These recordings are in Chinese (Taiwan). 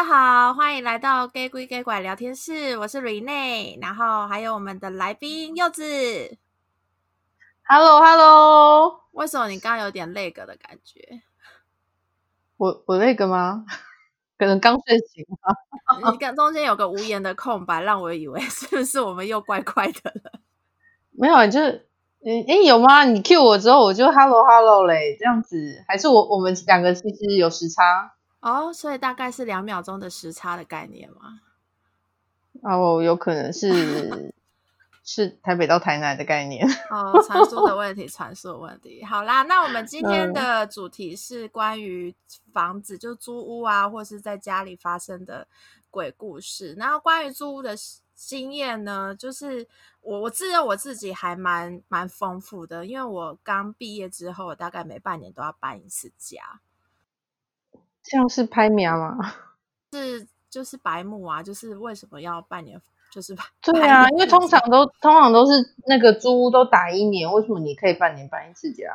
大家好，歡迎來到假鬼假怪聊天室，我是 Renee，然後還有我們的來賓柚子。Hello Hello，為什麼你剛剛有點 lag 的感覺？我我 lag 嗎？可能剛睡醒吧。你看中間有個無言的空白，讓我以為是不是我們又怪怪的了？沒有，就是嗯，哎，有嗎？你 cue 我之後，我就 Hello Hello 嘞，這樣子，還是我我們兩個其實有時差？哦、oh，所以大概是兩秒鐘的時差的概念嗎？哦、oh，有可能是 是台北到台南的概念。哦，傳輸的問題，傳輸的問題。好啦，那我們今天的主題是關於房子、嗯，就租屋啊，或是在家裡發生的鬼故事。然後關於租屋的經驗呢，就是我我自認我自己還蠻蠻豐富的，因為我剛畢業之後，我大概每半年都要搬一次家。像是拍苗啊，是就是白木啊，就是為什麼要半年？就是。對啊，因為通常都通常都是那個租都打一年，為什麼你可以半年搬一次家？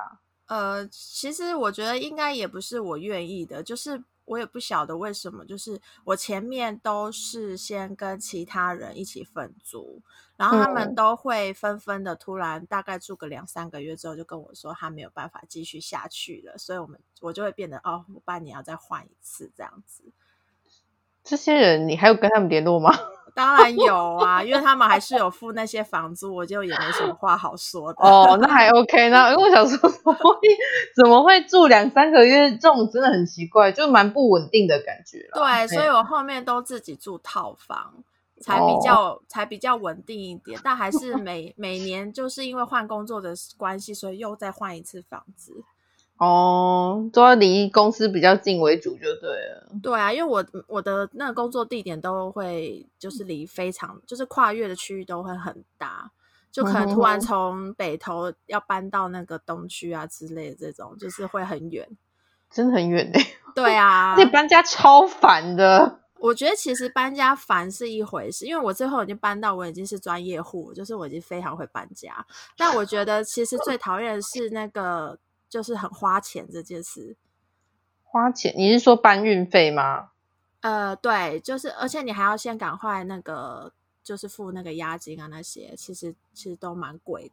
呃，其實我覺得應該也不是我願意的，就是。我也不曉得為什麼，就是我前面都是先跟其他人一起分租，然後他們都會紛紛的突然大概住個兩三個月之後，就跟我說他沒有辦法繼續下去了，所以我們我就會變得哦，我半年要再換一次這樣子。這些人，你還有跟他們聯絡嗎？ 當然有啊，因為他們還是有付那些房租，我就也沒什麼話好說的。哦，那還 OK 呢。因為我想說，怎麼會住兩三個月？這種真的很奇怪，就蠻不穩定的感覺。對、嗯，所以我後面都自己住套房，才比較、oh. 才比較穩定一點。但還是每每年就是因為換工作的關係，所以又再換一次房子。哦，都要離公司比較近為主就對了。對啊，因為我我的那個工作地點都會就是離非常、嗯、就是跨越的區域都會很大，就可能突然從北投要搬到那個東區啊之類的這種，就是會很遠，真的很遠呢、欸。對啊，這 搬家超煩的。我覺得其實搬家煩是一回事，因為我最後已經搬到我已經是專業戶，就是我已經非常會搬家。但我覺得其實最討厭的是那個。哦就是很花錢這件事，花錢？你是說搬運費嗎？呃，對，就是，而且你還要先趕快那個，就是付那個押金啊，那些其實其實都蠻貴的。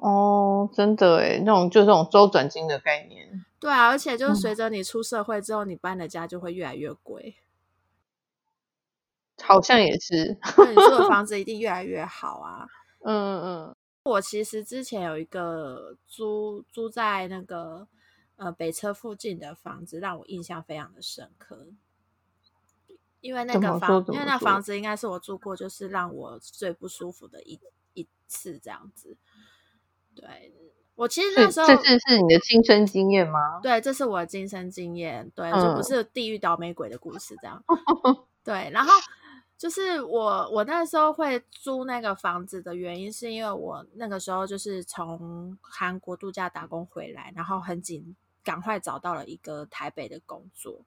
哦，真的誒，那種就是這種周轉金的概念。對啊，而且就是隨着你出社會之後，嗯、你搬的家就會越來越貴。好像也是，嗯、 你住的房子一定越來越好啊。嗯嗯。我其實之前有一個租租在那個呃北車附近的房子，讓我印象非常的深刻，因為那個房因為那個房子應該是我住過，就是讓我最不舒服的一一次這樣子。對我其實那時候，這是你的親身經驗嗎？對，這是我的親身經驗，對、嗯，就不是地獄倒霉鬼的故事這樣。 對，然後。就是我，我那時候會租那個房子的原因，是因為我那個時候就是從韓國度假打工回來，然後很緊，趕快找到了一個台北的工作。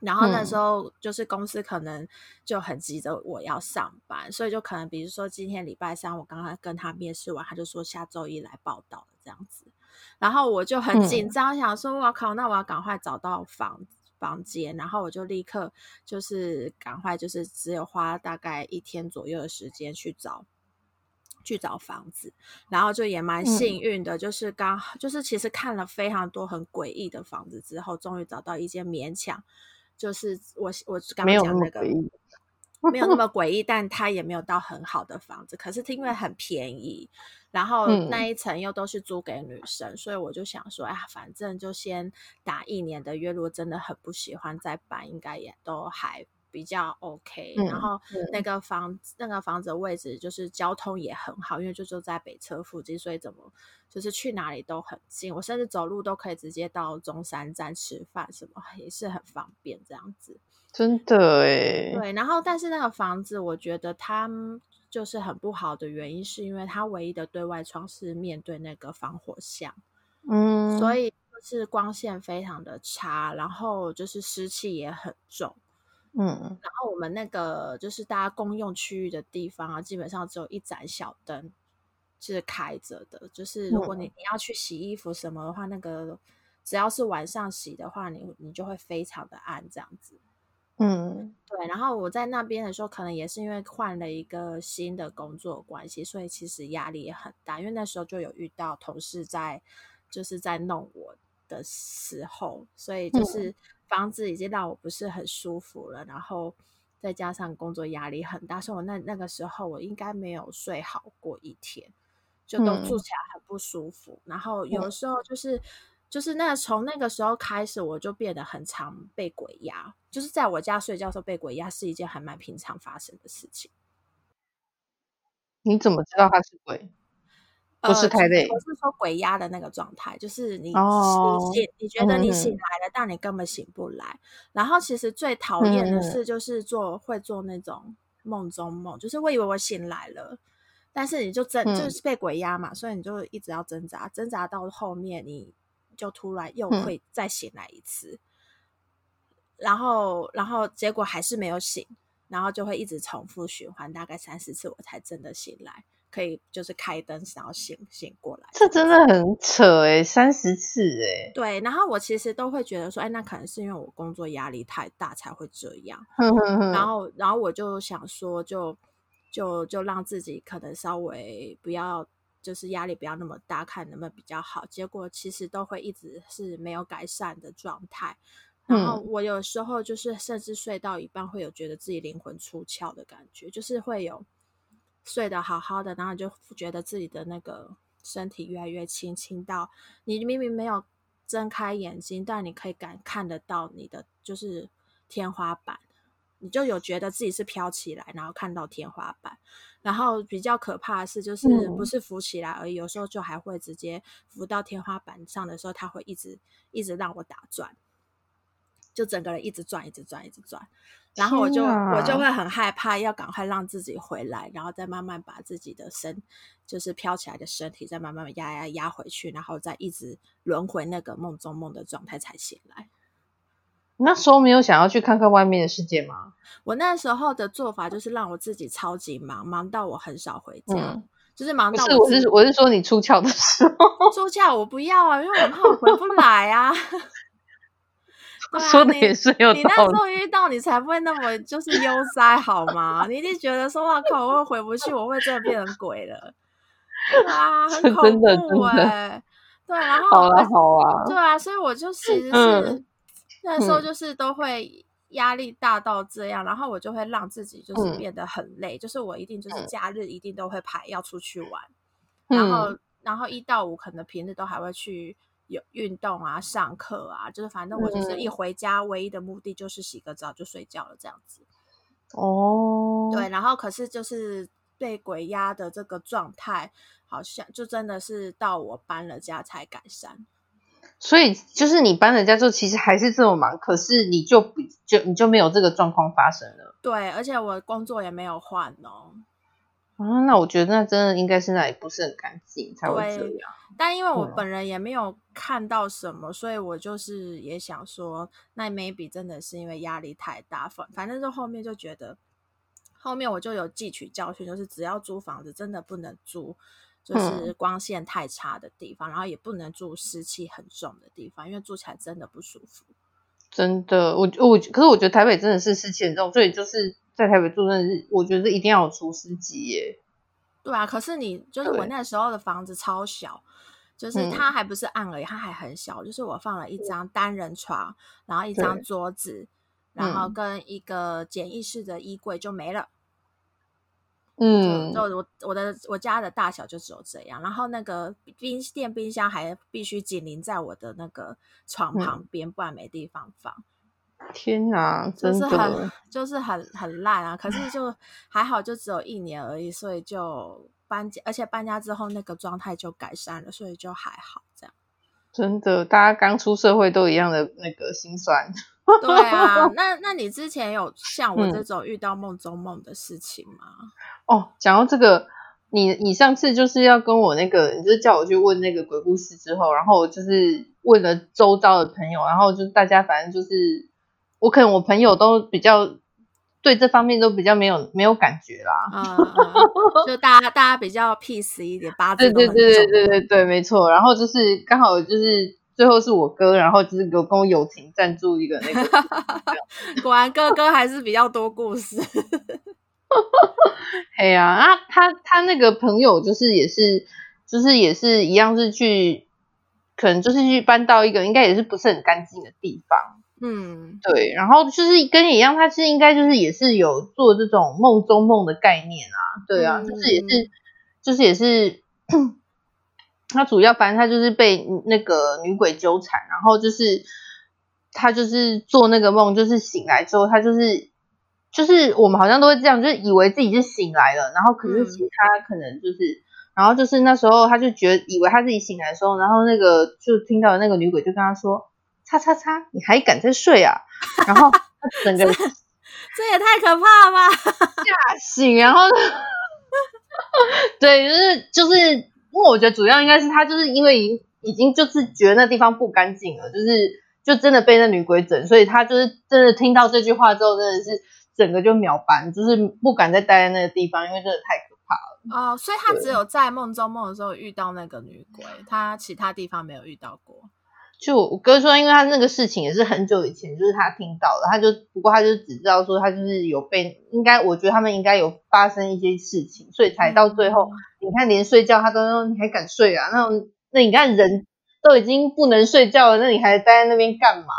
然後那時候就是公司可能就很急着我要上班、嗯，所以就可能比如說今天禮拜三，我剛剛跟他面試完，他就說下周一來報到這樣子。然後我就很緊張，想說我靠，那我要趕快找到房子。房間，然後我就立刻就是趕快，就是只有花大概一天左右的時間去找，去找房子，然後就也蠻幸運的，嗯、就是剛就是其實看了非常多很詭異的房子之後，終於找到一間勉強，就是我，我剛剛講那個。 沒有那麼詭異，但它也沒有到很好的房子，可是因為很便宜，然後那一層又都是租給女生，嗯、所以我就想說，呀、哎、反正就先打一年的月租，真的很不喜歡再搬，應該也都還比較 OK。嗯、然後那個房、嗯、那個房子的位置就是交通也很好，因為就住在北車附近，所以怎麼就是去哪裡都很近，我甚至走路都可以直接到中山站吃飯，什麼也是很方便這樣子。真的誒，對，然後但是那個房子，我覺得它就是很不好的原因，是因為它唯一的對外窗是面對那個防火巷。嗯，所以就是光線非常的差，然後就是濕氣也很重，嗯，然後我們那個就是大家公用區域的地方啊，基本上只有一盞小燈是開着的，就是如果你你要去洗衣服什麼的話，那個只要是晚上洗的話，你你就會非常的暗，這樣子。嗯，對。然後我在那邊的時候，可能也是因為換了一個新的工作關係，所以其實壓力也很大。因為那時候就有遇到同事在，就是在弄我的時候，所以就是房子已經讓我不是很舒服了。嗯、然後再加上工作壓力很大，所以我那那個時候我應該沒有睡好過一天，就都住起來很不舒服。嗯、然後有時候就是。嗯就是那從那個時候開始，我就變得很常被鬼壓。就是在我家睡覺的時候被鬼壓，是一件還蠻平常發生的事情。你怎麼知道他是鬼？呃、不是太累我是說鬼壓的那個狀態，就是你醒、哦，你覺得你醒來了嗯嗯，但你根本醒不來。然後其實最討厭的事就是做，嗯嗯做會做那種夢中夢，就是我以為我醒來了，但是你就真，就是被鬼壓嘛、嗯，所以你就一直要掙扎，掙扎到後面你。就突然又會再醒來一次、嗯，然後，然後結果還是沒有醒，然後就會一直重複循環，大概三十次我才真的醒來，可以就是開燈然後醒醒過來。這真的很扯哎，三十次哎。對，然後我其實都會覺得說，哎，那可能是因為我工作壓力太大才會這樣。呵呵呵。然後，然後我就想說就，就就就讓自己可能稍微不要。就是壓力不要那麼大，看能不能比較好。結果其實都會一直是沒有改善的狀態。嗯。然後我有時候就是甚至睡到一半，會有覺得自己靈魂出竅的感覺，就是會有睡得好好的，然後就覺得自己的那個身體越來越輕，輕到你明明沒有睜開眼睛，但你可以感看得到你的就是天花板，你就有覺得自己是飄起來，然後看到天花板，然後比較可怕的是，就是不是浮起來而已，嗯，有時候就還會直接浮到天花板上的時候，他會一直一直讓我打轉，就整個人一直轉，一直轉，一直轉。然後我就、天啊、我就會很害怕，要趕快讓自己回來，然後再慢慢把自己的身，就是飄起來的身體，再慢慢壓壓壓回去，然後再一直輪回那個夢中夢的狀態才醒來。那時候沒有想要去看看外面的世界嗎？我那時候的做法就是讓我自己超級忙，忙到我很少回家，嗯、就是忙到我是。我是我是說你出竅的時候，出竅我不要啊，因為我怕我回不來啊， 對啊。說的也是有道理。你那時候遇到你才不會那麼就是悠哉好嗎？ 你一定覺得說哇靠，我會回不去，我會真的變成鬼了。對啊，很恐怖欸、是真的真的。對，然後好了好了、啊，對啊，所以我就是、就是嗯那時候就是都會壓力大到這樣，嗯，然後我就會讓自己就是變得很累，嗯，就是我一定就是假日一定都會排要出去玩，嗯，然後然後一到五可能平日都還會去有運動啊、上課啊，就是反正我就是一回家，嗯，唯一的目的就是洗個澡就睡覺了這樣子。哦，對，然後可是就是被鬼壓的這個狀態，好像就真的是到我搬了家才改善。所以就是你搬了家之後，其實還是這麼忙，可是你就不就你就沒有這個狀況發生了。對，而且我工作也沒有換哦。啊，那我覺得那真的應該是那裡不是很乾淨才會這樣。但因為我本人也沒有看到什麼、嗯，所以我就是也想說，那 maybe 真的是因為壓力太大，反反正就後面就覺得，後面我就有汲取教訓，就是只要租房子真的不能租。就是光線太差的地方、嗯，然後也不能住濕氣很重的地方，因為住起來真的不舒服。真的，我我可是我覺得台北真的是濕氣很重，所以就是在台北住，真的是我覺得一定要有除濕機耶。對啊，可是你就是我那時候的房子超小，就是它還不是暗而已、嗯，它還很小，就是我放了一張單人床，嗯、然後一張桌子，然後跟一個簡易式的衣櫃就沒了。嗯，那我我的我家的大小就只有這樣，然後那個冰電冰箱還必須緊鄰在我的那個床旁邊，嗯、不然沒地方放。天哪，真的。就是很就是很很爛啊！可是就還好，就只有一年而已， 所以就搬家，而且搬家之後那個狀態就改善了，所以就還好。真的，大家剛出社會都一樣的那個心酸。 對啊，那那你之前有像我這種遇到夢中夢的事情嗎？嗯、哦，講到這個，你你上次就是要跟我那個，你就叫我去問那個鬼故事之後，然後就是問了周遭的朋友，然後就是大家反正就是，我可能我朋友都比較。對這方面都比較沒有沒有感覺啦，嗯嗯、就大家大家比較 peace 一點吧。字 對對對對對對對，沒錯。然後就是剛好就是最後是我哥，然後就是有跟我友情贊助一個那個， 這樣 果然哥哥還是比較多故事。哎 呀、 啊，啊他他那個朋友就是也是就是也是一樣是去，可能就是去搬到一個應該也是不是很乾淨的地方。嗯，對，然後就是跟你一樣，他是應該就是也是有做這種夢中夢的概念啊，對啊，嗯、就是也是，就是也是，他主要反正他就是被那個女鬼糾纏，然後就是他就是做那個夢，就是醒來之後，他就是就是我們好像都會這樣，就是以為自己就醒來了，然後可是其他可能就是，嗯、然後就是那時候他就覺得以為他自己醒來的時候，然後那個就聽到的那個女鬼就跟他說。叉叉叉，你還敢再睡啊？然後他整個 這，這也太可怕了吧，嚇 醒！然後、就是、 對，就是就是因為我覺得主要應該是他，就是因為已經已經就是覺得那地方不乾淨了，就是就真的被那女鬼整，所以他就是真的聽到這句話之後，真的是整個就秒搬，就是不敢再待在那個地方，因為真的太可怕了。啊、哦，所以他只有在夢中夢的時候遇到那個女鬼，他其他地方沒有遇到過。就我哥說，因為他那個事情也是很久以前，就是他聽到了，他就不過他就只知道說他就是有被，應該我覺得他們應該有發生一些事情，所以才到最後。嗯、你看連睡覺他都說，你還敢睡啊？那種那你看人都已經不能睡覺了，那你還待在那邊幹嘛嘛？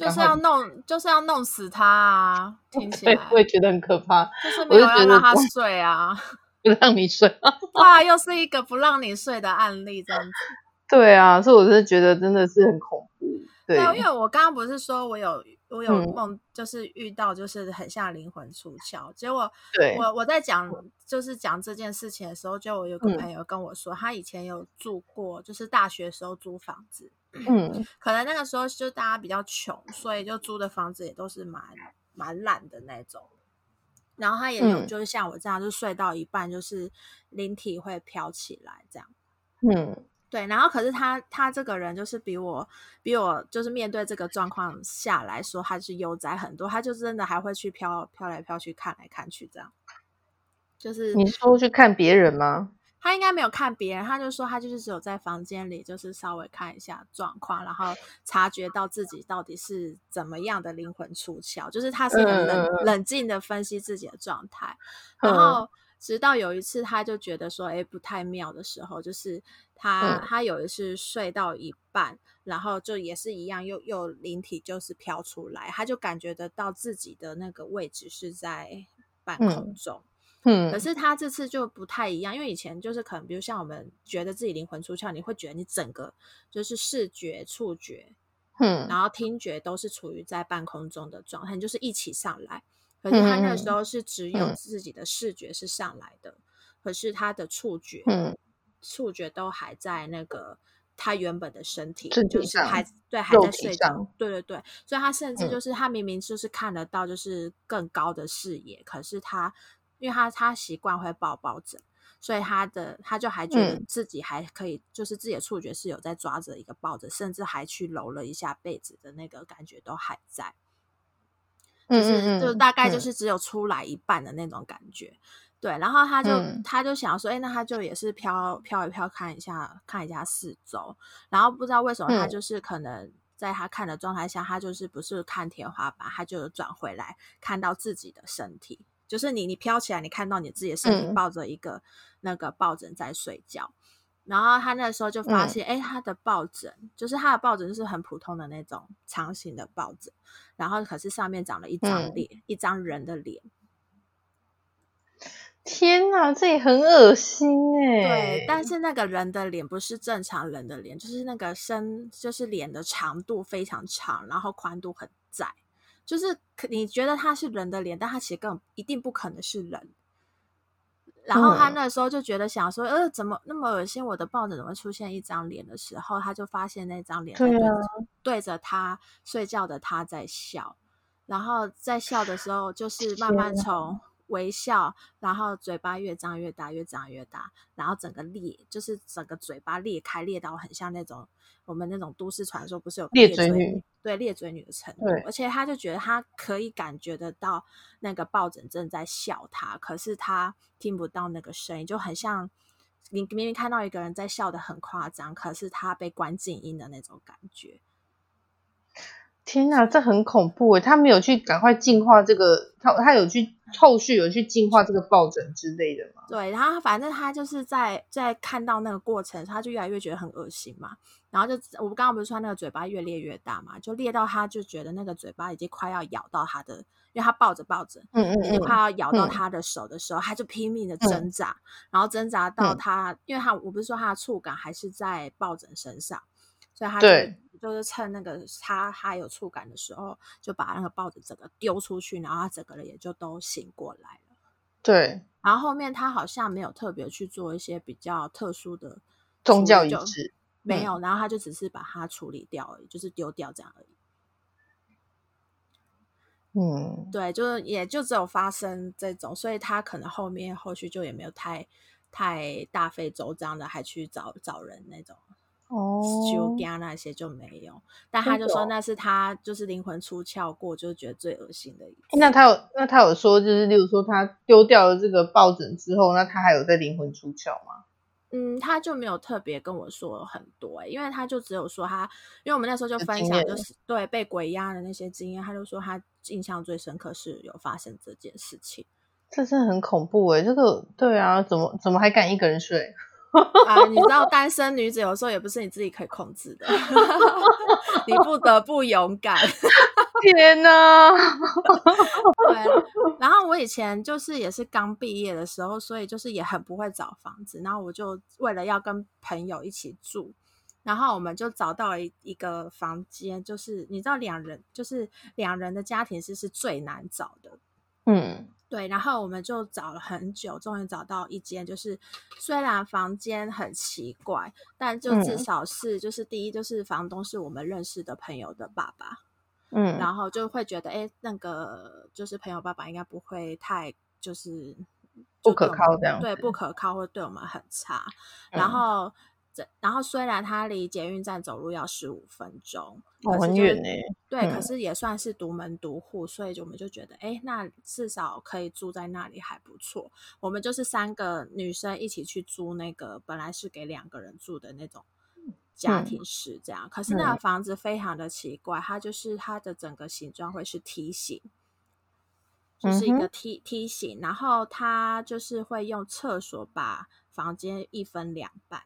就是要弄，就是要弄死他啊！聽起來。對，我也覺得很可怕。就是沒有要讓他睡啊！不， 不讓你睡！哇， 又是一個不讓你睡的案例，這樣子。 對啊，所以我是覺得真的是很恐怖。對，因為我剛剛不是說我有我有夢、嗯，就是遇到就是很像靈魂出竅，結果對我我在講就是講這件事情的時候，就我有個朋友跟我說，嗯、他以前有住過，就是大學時候租房子，嗯，可能那個時候就大家比較窮，所以就租的房子也都是蠻蠻爛的那種。然後他也有就是像我這樣，就睡到一半，就是靈體會飄起來這樣，嗯。嗯對，然後可是他他這個人就是比我比我就是面對這個狀況下來說，他是悠哉很多。他就真的還會去飄飄來飄去看來看去這樣，就是你說去看別人嗎？他應該沒有看別人，他就說他就是只有在房間裡就是稍微看一下狀況，然後察覺到自己到底是怎麼樣的靈魂出竅，就是他是一個冷、嗯嗯嗯、冷靜的分析自己的狀態，然後。嗯直到有一次，他就覺得說：“哎、欸，不太妙的時候，就是他、嗯、他有一次睡到一半，然後就也是一樣，又又靈體就是飄出來，他就感覺得到自己的那個位置是在半空中。嗯，嗯。可是他這次就不太一樣，因為以前就是可能，比如像我們覺得自己靈魂出竅，你會覺得你整個就是視覺、觸覺，嗯，然後聽覺都是處於在半空中的狀態，就是一起上來。”可是他那時候是只有自己的視覺是上來的，嗯、可是他的觸覺、嗯，觸覺都還在那個他原本的身體，身體上就是還對還在睡覺，對對對，所以他甚至就是、嗯、他明明就是看得到就是更高的視野，可是他因為他他習慣會抱抱枕，所以他的他就還覺得自己還可以、嗯，就是自己的觸覺是有在抓着一個抱枕，甚至還去揉了一下被子的那個感覺都還在。嗯，就是，就大概就是只有出來一半的那種感覺，嗯嗯嗯、對。然後他就，嗯、他就想說，哎、欸，那他就也是飄飄一飄，看一下，看一下四周。然後不知道為什麼，他就是可能在他看的狀態下、嗯，他就是不是看天花板，他就轉回來看到自己的身體。就是你，你飄起來，你看到你自己的身體抱着一個那個抱枕在睡覺。嗯然後他那時候就發現，哎、嗯，他的抱枕，就是他的抱枕，是很普通的那種長形的抱枕，然後可是上面長了一張臉，嗯、一張人的臉。天哪、啊，這也很惡心哎、欸！對，但是那個人的臉不是正常人的臉，就是那個身，就是臉的長度非常長，然後寬度很窄，就是你覺得他是人的臉，但他其實更一定不可能是人。然後他那時候就覺得想說，嗯、呃，怎麼那麼噁心？我的抱枕怎麼會出現一張臉的時候，他就發現那張臉那對着他對睡覺的他在笑，然後在笑的時候就是慢慢從微笑，然後嘴巴越張越大，越張越大，然後整個裂，就是整個嘴巴裂開裂到很像那種我們那種都市傳說不是有裂嘴、裂嘴女對裂嘴女的程度，對。而且她就覺得她可以感覺得到那個抱枕正在笑她，可是她聽不到那個聲音，就很像你明明看到一個人在笑得很誇張，可是他被關靜音的那種感覺。天哪，這很恐怖哎！他沒有去趕快淨化這個，他他有去後續有去淨化這個抱枕之類的嗎？對，然後反正他就是在在看到那個過程，他就越來越覺得很噁心嘛。然後就，我剛剛不是說那個嘴巴越裂越大嘛，就裂到他就覺得那個嘴巴已經快要咬到他的，因為他抱着抱枕，嗯嗯，已經快要咬到他的手的時候，嗯、他就拼命的掙扎，嗯、然後掙扎到他，嗯、因為他我不是說他的觸感還是在抱枕身上，所以他就就是趁那個他他有觸感的時候，就把那個抱枕整個丟出去，然後他整個人也就都醒過來了。對，然後後面他好像沒有特別去做一些比較特殊的宗教儀式。就沒有，然後他就只是把它處理掉，就是丟掉這樣而已。嗯，對，就是也就只有發生這種，所以他可能後面後續就也沒有太太大費周章的，還去找找人那種。哦，丟掉那些就沒有，但他就說那是他就是靈魂出竅過，就覺得最噁心的一次。那他有那他有說，就是例如說他丟掉了這個抱枕之後，那他還有在靈魂出竅嗎？嗯，他就沒有特別跟我說很多，欸、因為他就只有說他，因為我們那時候就分享就是對被鬼壓的那些經驗，他就說他印象最深刻是有發生這件事情，這是很恐怖哎，欸，這個對啊，怎麼怎麼還敢一個人睡？啊，你知道單身女子有時候也不是你自己可以控制的， 你不得不勇敢。 天吶、啊！ 對，然後我以前就是也是剛畢業的時候，所以就是也很不會找房子。然後我就為了要跟朋友一起住，然後我們就找到一一個房間，就是你知道，兩人就是兩人的家庭是是最難找的。嗯，對。然後我們就找了很久，終於找到一間，就是雖然房間很奇怪，但就至少是就是第一，就是房東是我們認識的朋友的爸爸。嗯，然後就會覺得，哎，那個就是朋友爸爸應該不會太就是就不可靠這樣，對，不可靠會對我們很差。嗯、然後這，然後雖然他離捷運站走路要十五分鐘，哦、很遠呢、欸。對、嗯，可是也算是獨門獨戶，所以就我們就覺得，哎，那至少可以住在那裡還不錯。我們就是三個女生一起去租那個本來是給兩個人住的那種。家庭式這樣、嗯，可是那個房子非常的奇怪，嗯、它就是它的整個形狀會是梯形、嗯，就是一個梯梯形，然後它就是會用廁所把房間一分兩半。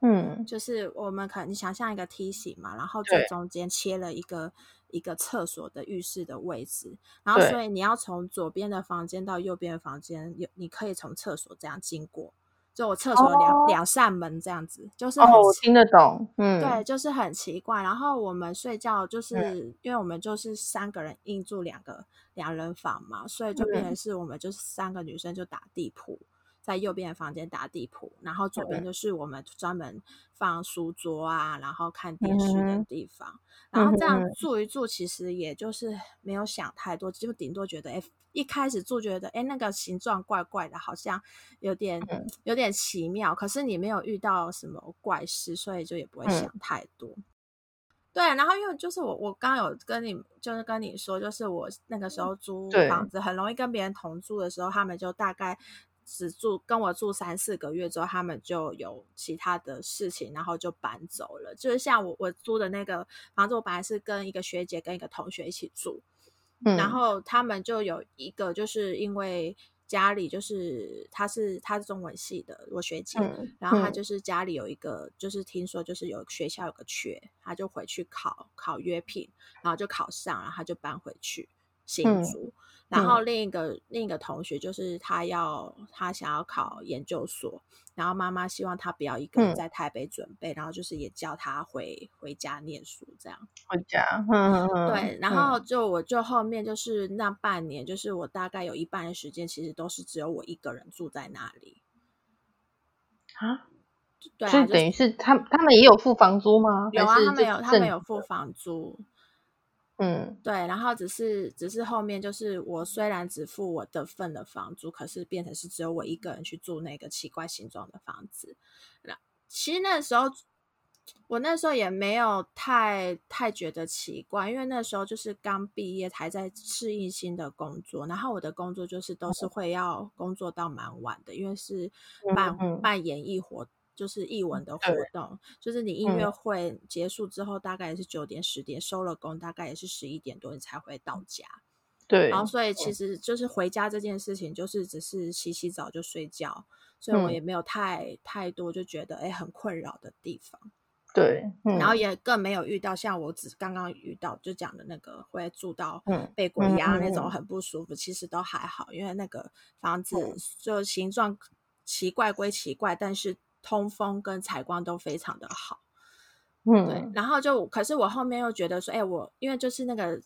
嗯，就是我們可，你想象一個梯形嘛，然後最中間切了一個一個廁所的浴室的位置，然後所以你要從左邊的房間到右邊的房間，有，你可以從廁所這樣經過。就我廁所兩兩、oh. 扇門這樣子，就是很、oh, 我聽得懂嗯，對，就是很奇怪。然後我們睡覺就是，yeah. 因為我們就是三個人硬住兩個兩人房嘛，所以就變成是我們就是三個女生就打地鋪。Okay. 在右邊的房間打地鋪，然後左邊就是我們專門放書桌啊、嗯，然後看電視的地方。嗯、然後這樣住一住，其實也就是沒有想太多，就頂多覺得哎，一開始住覺得哎，那個形狀怪怪的，好像有點、嗯、有點奇妙。可是你沒有遇到什麼怪事，所以就也不會想太多。嗯、對，然後因為就是我，我剛剛有跟你就是跟你說，就是我那個時候租房子、嗯、很容易跟別人同住的時候，他們就大概。只住跟我住三四個月之後，他們就有其他的事情，然後就搬走了。就是像我我租的那個房子，我本來是跟一個學姐跟一個同學一起住，嗯、然後他們就有一個就是因為家裡就是他是他是中文系的我學姐、嗯，然後他就是家裡有一個、嗯、就是聽說就是有學校有個缺，他就回去考考約聘，然後就考上，然後他就搬回去新竹。嗯然後另一個、嗯、另一個同學就是他要他想要考研究所，然後媽媽希望他不要一個人在台北準備，嗯、然後就是也叫他回回家念書這樣。回家。呵呵呵對、嗯，然後就我就後面就是那半年，就是我大概有一半的時間其實都是只有我一個人住在那裡。對啊？所以等於是他們他們也有付房租嗎？有啊，他們有他們有付房租。嗯，對，然後只是只是後面就是我雖然只付我的份的房租，可是變成是只有我一個人去住那個奇怪形狀的房子。那其實那時候我那時候也沒有太太覺得奇怪，因為那時候就是剛畢業，還在適應新的工作。然後我的工作就是都是會要工作到蠻晚的，因為是辦辦演藝活動。嗯嗯嗯就是藝文的活動，就是你音樂會結束之後，大概也是九點十、嗯、點收了工，大概也是十一點多你才回到家。對，然後所以其實就是回家這件事情，就是只是洗洗澡就睡覺，所以我也沒有太、嗯、太多就覺得哎、欸、很困擾的地方。對、嗯，然後也更沒有遇到像我只剛剛遇到就講的那個會住到被鬼壓那種很不舒服、嗯嗯嗯，其實都還好，因為那個房子就形狀奇怪歸奇怪，嗯、但是。通風跟採光都非常的好，嗯，對。然後就，可是我後面又覺得說，哎、欸，我因為就是那個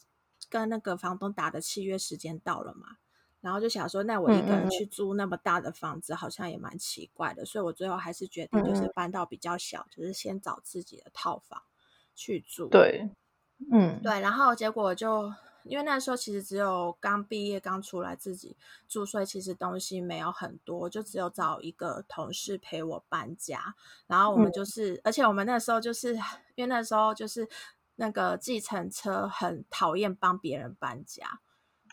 跟那個房東打的契約時間到了嘛，然後就想說，那我一個人去租那麼大的房子，好像也蠻奇怪的，嗯嗯。所以我最後還是決定，就是搬到比較小、嗯，就是先找自己的套房去住。對，嗯，對。然後結果就。因為那時候其實只有剛畢業剛出來自己住，所以其實東西沒有很多，就只有找一個同事陪我搬家。然後我們就是，嗯、而且我們那時候就是因為那時候就是那個計程車很討厭幫別人搬家。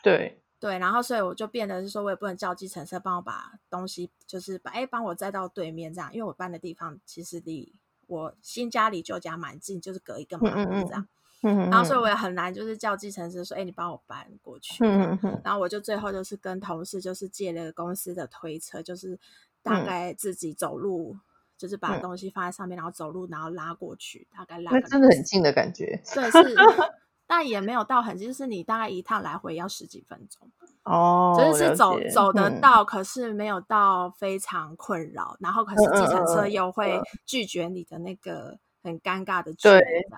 對對，然後所以我就變得是說，我也不能叫計程車幫我把東西，就是把哎，幫我載到對面這樣，因為我搬的地方其實離我新家離舊家蠻近，就是隔一個馬路這樣。嗯嗯嗯嗯，然後所以我也很難，就是叫計程車說，哎、嗯，欸，你幫我搬過去。嗯，然後我就最後就是跟同事就是借了個公司的推車，就是大概自己走路，嗯、就是把東西放在上面、嗯，然後走路，然後拉過去，大概拉。那真的很近的感覺。對、就是， 但也沒有到很近，就是你大概一趟來回要十幾分鐘。哦。是、就是走走得到、嗯，可是沒有到非常困擾。然後可是計程車又會拒絕你的那個。很尷尬的，對，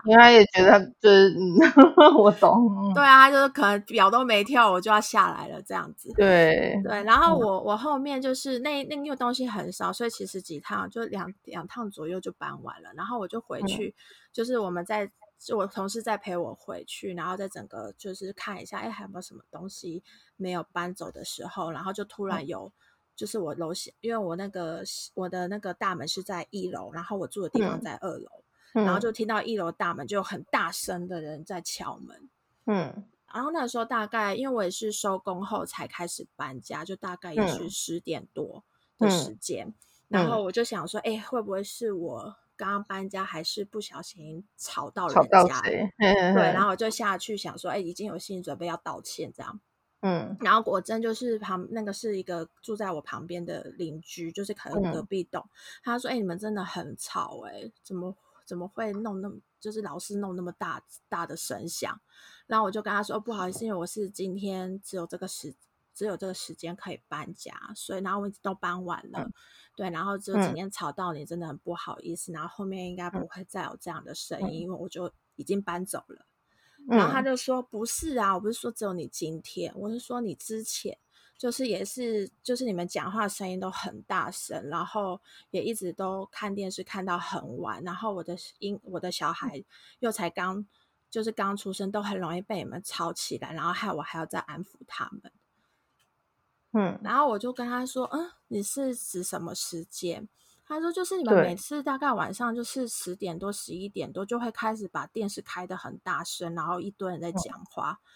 因為他也覺得，就是 我懂，對啊，他就是可能表都沒跳，我就要下來了，這樣子，對對。然後我、嗯、我後面就是那，那因為東西很少，所以其實幾趟就兩兩趟左右就搬完了。然後我就回去，嗯、就是我們在，就我同事在陪我回去，然後在整個就是看一下，哎，還有沒有什麼東西沒有搬走的時候，然後就突然有，嗯、就是我樓下，因為我那個我的那個大門是在一樓，然後我住的地方在二樓。嗯然後就聽到一樓大門就很大聲的人在敲門，嗯，然後那時候大概因為我也是收工後才開始搬家，就大概也是十點多的時間、嗯嗯，然後我就想說，哎、欸，會不會是我剛剛搬家還是不小心吵到人家了吵到，嘿嘿嘿？對，然後我就下去想說，哎、欸，已經有心理準備要道歉這樣，嗯，然後果真就是旁那個是一個住在我旁邊的鄰居，就是可能隔壁棟、嗯，他說，哎、欸，你們真的很吵、欸，哎，怎麼？怎麼會弄那麼，就是老是弄那麼大大的聲響，然後我就跟他說、哦，不好意思，因為我是今天只有這個時，只有這個時間可以搬家，所以然後我們都搬完了、嗯，對，然後就今天吵到你，真的很不好意思，然後後面應該不會再有這樣的聲音，嗯、因為我就已經搬走了、嗯。然後他就說，不是啊，我不是說只有你今天，我是說你之前。就是也是，就是你們講話聲音都很大聲，然後也一直都看電視看到很晚，然後我的音，我的小孩又才剛就是剛出生，都很容易被你們吵起來，然後害我還要再安撫他們。嗯，然後我就跟他說：“嗯，你是指什麼時間？”他說：“就是你們每次大概晚上就是十點多、十一點多就會開始把電視開得很大聲，然後一堆人在講話。”嗯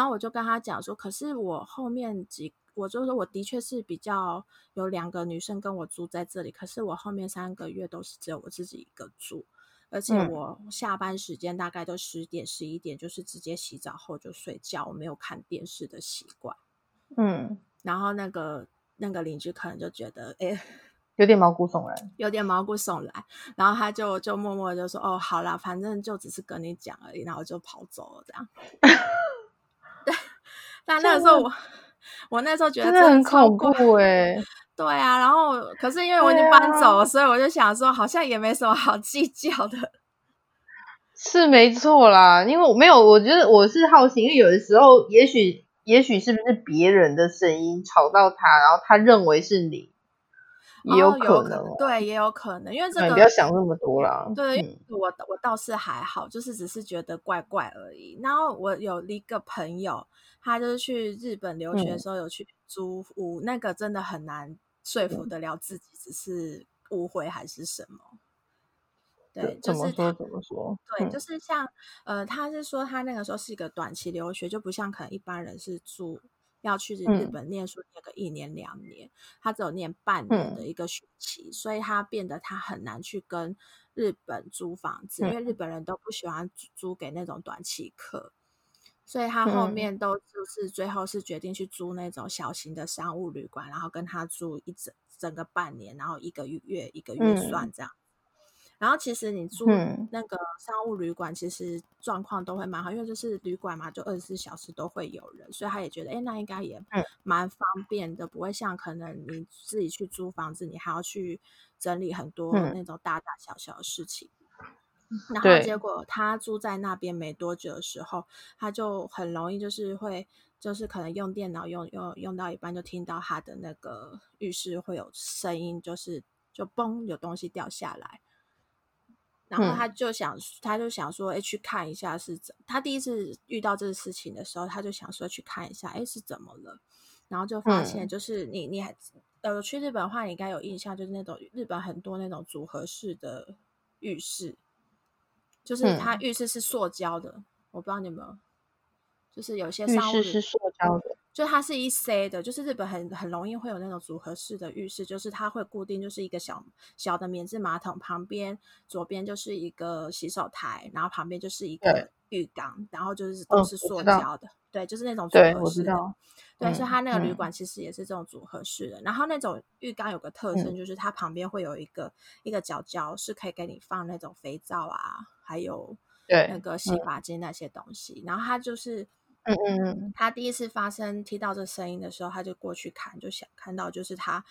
然後我就跟他講說，可是我後面幾，我就說我的確是比較有兩個女生跟我住在這裡，可是我後面三個月都是只有我自己一個住，而且我下班時間大概都十點十一點，就是直接洗澡後就睡覺，我沒有看電視的習慣。嗯，然後那個那個鄰居可能就覺得，哎、欸，有點毛骨悚然，有點毛骨悚然。然後他就就默默就說，哦，好啦，反正就只是跟你講而已，然後我就跑走了這樣。 那那個時候我，我我那時候覺得真的，的，真的很恐怖哎。對啊，然後可是因為我已經搬走了、啊，所以我就想說，好像也沒什麼好計較的。是沒錯啦，因為我沒有，我覺得我是好奇，因為有的時候也，也許也許是不是別人的聲音吵到他，然後他認為是你，也有可能。哦、有可能對，也有可能，因為這個、嗯、你不要想那麼多啦。對，嗯、我我倒是還好，就是只是覺得怪怪而已。然後我有一個朋友。他就是去日本留學的時候有去租屋，嗯、那個真的很難說服得了自己，只是誤會還是什麼？對，就是怎,怎麼說？對，嗯、就是像呃，他是說他那個時候是一個短期留學，就不像可能一般人是租要去日本念書那個一年兩年、嗯，他只有念半年的一個學期、嗯，所以他變得他很難去跟日本租房子，嗯、因為日本人都不喜歡租租給那種短期客。所以他後面都就是最後是決定去租那種小型的商務旅館，然後跟他住一整整個半年，然後一個月一個月算這樣。然後其實你住那個商務旅館，其實狀況都會蠻好，因為就是旅館嘛，就二十四小時都會有人，所以他也覺得，哎、欸，那應該也蠻方便的，不會像可能你自己去租房子，你還要去整理很多那種大大小小的事情。然後結果他住在那邊沒多久的時候，他就很容易就是會就是可能用電腦用用用到一半就聽到他的那個浴室會有聲音，就是就嘣，有東西掉下來。然後他就想，嗯、他就想說，哎，去看一下是怎？他第一次遇到這個事情的時候，他就想說去看一下，哎，是怎麼了？然後就發現就是你、嗯、你還呃去日本的話，你應該有印象，就是那種日本很多那種組合式的浴室。就是它浴室是塑膠的，嗯，我不知道你們，就是有些商務的浴室是塑膠的。就它是一 C 的，就是日本很很容易會有那種組合式的浴室，就是它會固定，就是一個小小的免治馬桶旁邊，左邊就是一個洗手台，然後旁邊就是一個浴缸，然後就是都是塑膠的。哦，對，就是那種組合式的。對，我知道。對，嗯、所以它那個旅館其實也是這種組合式的。嗯、然後那種浴缸有個特徵，嗯、就是它旁邊會有一個一個角角，是可以給你放那種肥皂啊，還有那個洗髮精那些東西。嗯、然後它就是。嗯嗯嗯，他第一次發生聽到這聲音的時候，他就過去看，就想看到就是他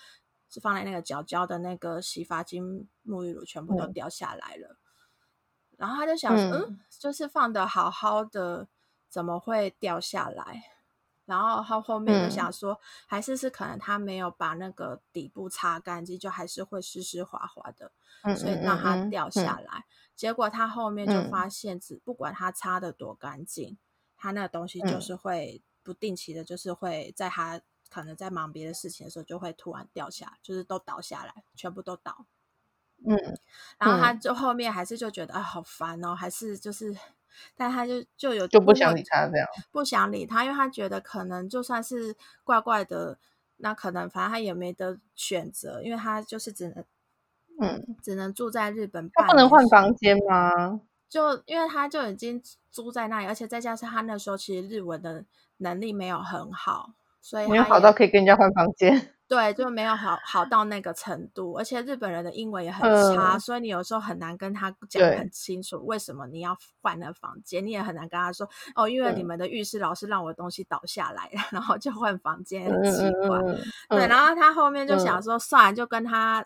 是放在那個角角的那個洗髮精、沐浴乳全部都掉下來了。然後他就想說嗯，嗯，就是放的好好的，怎麼會掉下來？然後他後面就想說，還是是可能他沒有把那個底部擦乾淨，就還是會濕濕滑滑的，所以讓它掉下來。結果他後面就發現，只不管他擦的多乾淨。他那個東西就是會不定期的，就是會在他可能在忙別的事情的時候，就會突然掉下，就是都倒下來，全部都倒。嗯，嗯，然後他就後面還是就覺得啊，哎，好煩哦，還是就是，但他就就有就不想理他這樣，不想理他，因為他覺得可能就算是怪怪的，那可能反正他也沒得選擇，因為他就是只能，嗯，只能住在日本，他不能換房間嗎？就因為他就已經租在那裡，而且再加上他那時候其實日文的能力沒有很好，所以沒有好到可以跟人家換房間。對，就沒有好好到那個程度。而且日本人的英文也很差，嗯、所以你有時候很難跟他講得很清楚為什麼你要換了房間，你也很難跟他說哦，因為你們的浴室老是讓我的東西倒下來，嗯、 然後就換房間很奇怪、嗯嗯。對，然後他後面就想說，算了、嗯，就跟他。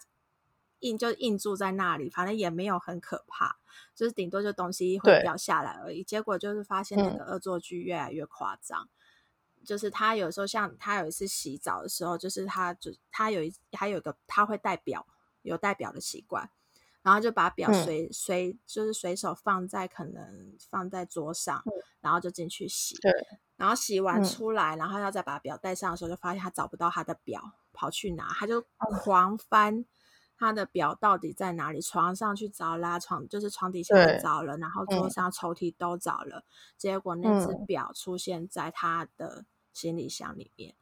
硬就硬住在那裡，反正也沒有很可怕，就是頂多就東西會掉下來而已。結果就是發現那個惡作劇越來越誇張、嗯，就是他有時候像他有一次洗澡的時候，就是他就他有一他有一個他會戴錶有戴錶的習慣，然後就把錶隨、嗯、隨就是隨手放在可能放在桌上，嗯、然後就進去洗，然後洗完出來，嗯、然後要再把錶戴上的時候，就發現他找不到他的錶，跑去拿，他就狂翻。嗯他的錶到底在哪裡？床上去找啦，床就是床底下也找了，然後桌上抽屜都找了，嗯、結果那只錶出現在他的行李箱裡面。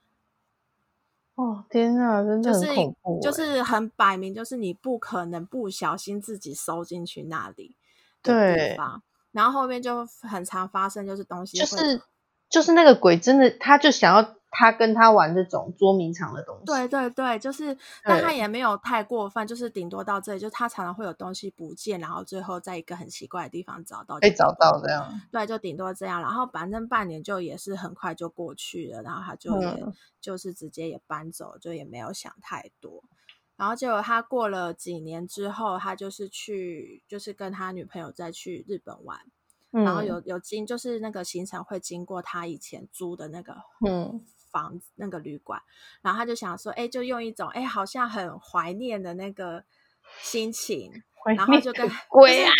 哦天啊，真的很恐怖，就是，就是很擺明，就是你不可能不小心自己收進去那裡的地方，對，然後後面就很常發生，就是東西就是就是那個鬼真的，他就想要。他跟他玩這種捉迷藏的東西。對對對，就是，但他也沒有太過分，就是頂多到這裡，就他常常會有東西不見，然後最後在一個很奇怪的地方找到方，被找到這樣。對，就頂多這樣，然後反正半年就也是很快就過去了，然後他就也、嗯、就是直接也搬走，就也沒有想太多。然後結果他過了幾年之後，他就是去，就是跟他女朋友再去日本玩。然後有有經就是那個行程會經過他以前租的那個房，嗯，房那個旅館，然後他就想說，哎，就用一種，哎，好像很懷念的那個心情，然後就跟鬼啊。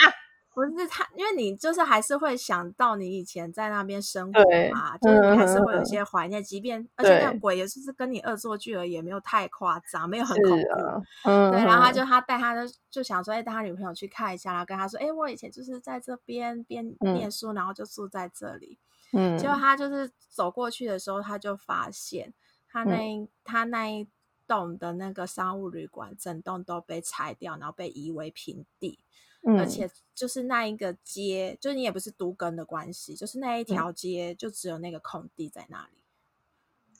不是他，因為你就是還是會想到你以前在那邊生活嘛，就是你還是會有一些懷念。即便而且那鬼也就是跟你惡作劇而已，沒有太誇張，沒有很恐怖。啊、對、嗯，然後他就他帶他的就，就想說，哎，帶他女朋友去看一下，然後跟他說，哎，我以前就是在這邊邊念書，嗯，然後就住在這裡。嗯，結果他就是走過去的時候，他就發現他那一、嗯、他那一棟的那個商務旅館整棟都被拆掉，然後被夷為平地。而且就是那一個街，嗯、就是你也不是都更的關係，就是那一條街就只有那個空地在那裡，嗯、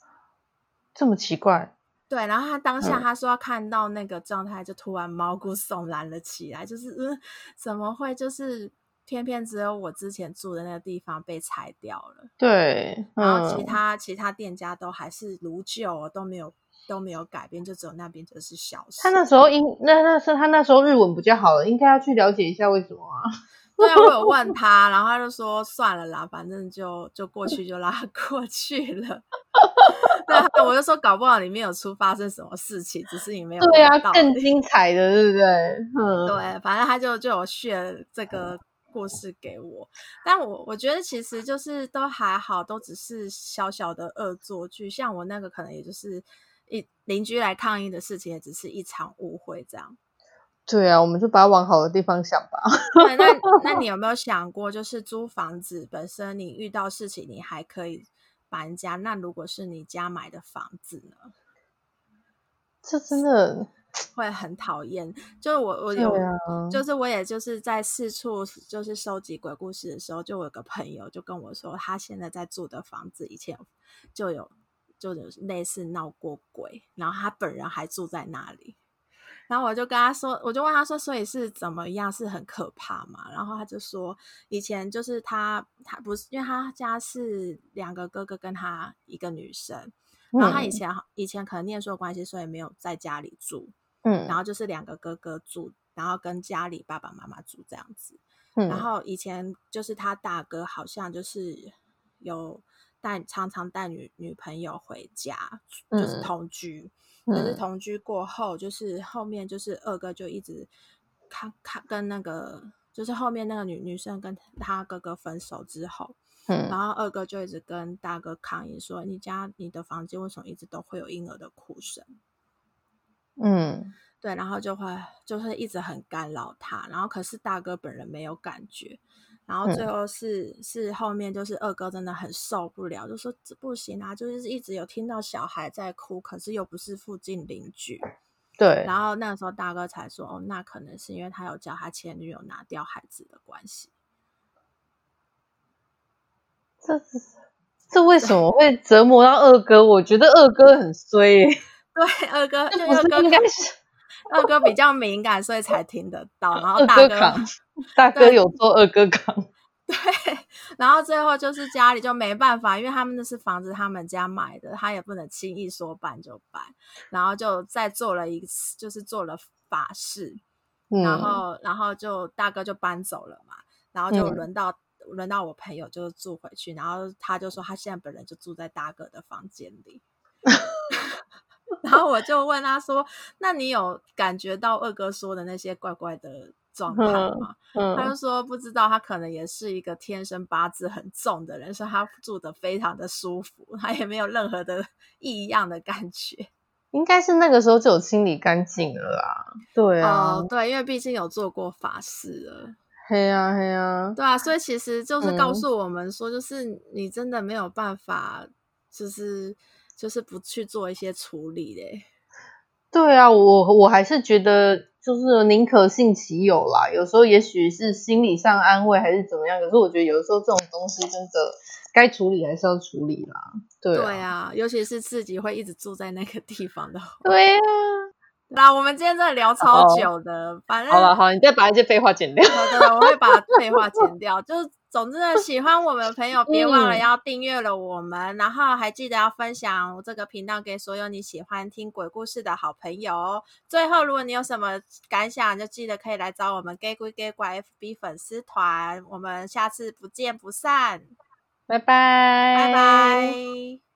這麼奇怪。對，然後他當下他說要看到那個狀態，嗯、就突然毛骨悚然了起來，就是嗯，怎麼會，就是偏偏只有我之前住的那個地方被拆掉了，對，嗯、然後其他其他店家都還是如舊，都沒有都沒有改變，就只有那邊只是小事。他那時候應，那那是他那時候日文比較好了，應該要去了解一下為什麼啊？對啊，我有問他，然後他就說算了啦，反正就就過去就拉過去了。那、 啊、我就說，搞不好裡面有出發生什麼事情，只是你沒有對啊，更精彩的，對不對？嗯，對，反正他就就有 share 這個故事給我。但我我覺得其實就是都還好，都只是小小的惡作劇。像我那個可能也就是。鄰居來抗議的事情也只是一場誤會，這樣。對啊，我們就把它往好的地方想吧。 那那你有沒有想過，就是租房子本身，你遇到事情你還可以搬家？那如果是你家買的房子呢？這真的會很討厭。就是我我有、啊，就是我也就是在四處就是收集鬼故事的時候，就我有個朋友就跟我說，他現在在住的房子以前就有。就類似鬧過鬼，然後他本人還住在那裡。然後我就跟他說，我就問他說，所以是怎麼樣，是很可怕嘛？然後他就說，以前就是他他不是，因為他家是兩個哥哥跟他一個女生。嗯、然後他以前以前可能念書的關係，所以沒有在家裡住。嗯，然後就是兩個哥哥住，然後跟家裡爸爸媽媽住這樣子、嗯。然後以前就是他大哥好像就是有。帶常常帶女女朋友回家，就是同居。嗯、可是同居過後、嗯，就是後面就是二哥就一直，看看跟那個就是後面那個女女生跟他哥哥分手之後，嗯、然後二哥就一直跟大哥抗議說：“你家你的房間為什麼一直都會有嬰兒的哭聲？”嗯，對，然後就會就是一直很干擾他。然後可是大哥本人沒有感覺。然後最後是、嗯、是後面就是二哥真的很受不了，就說這不行啊，就是一直有聽到小孩在哭，可是又不是附近鄰居。對。然後那時候大哥才說，哦，那可能是因為他有叫他前女友拿掉孩子的關係。這這為什麼會折磨到二哥？我覺得二哥很衰。對，二哥這應該是。 二哥比較敏感，所以才聽得到。然後大哥，哥，大哥有做二哥扛。對，然後最後就是家裡就沒辦法，因為他們那是房子，他們家買的，他也不能輕易說搬就搬。然後就再做了一次，就是做了法事。嗯、然後，然後就大哥就搬走了嘛。然後就輪到、嗯、輪到我朋友就住回去。然後他就說，他現在本人就住在大哥的房間裡。 然後我就問他說：“那你有感覺到二哥說的那些怪怪的狀態嗎？”嗯嗯、他就說：“不知道，他可能也是一個天生八字很重的人，所以他住的非常的舒服，他也沒有任何的異樣的感覺。應該是那個時候就有清理乾淨了啦。嗯”對啊、哦，對，因為畢竟有做過法事了。黑啊黑啊！對啊，所以其實就是告訴我們說，嗯、就是你真的沒有辦法，就是。就是不去做一些處理嘞，欸，對啊，我我還是覺得就是寧可信其有啦。有時候也許是心理上安慰還是怎麼樣，可是我覺得有時候這種東西真的該處理還是要處理啦對，啊。對啊，尤其是自己會一直住在那個地方的話。對啊，那、啊、我們今天真的聊超久的，哦、反正好了好，你再把那些廢話剪掉。好 的，我會把廢話剪掉， 就是。總之呢，喜歡我們的朋友別忘了要訂閱了我們、嗯，然後還記得要分享這個頻道給所有你喜歡聽鬼故事的好朋友。最後，如果你有什麼感想，就記得可以來找我們《假鬼假怪》FB 粉絲團。我們下次不見不散，拜拜，拜拜。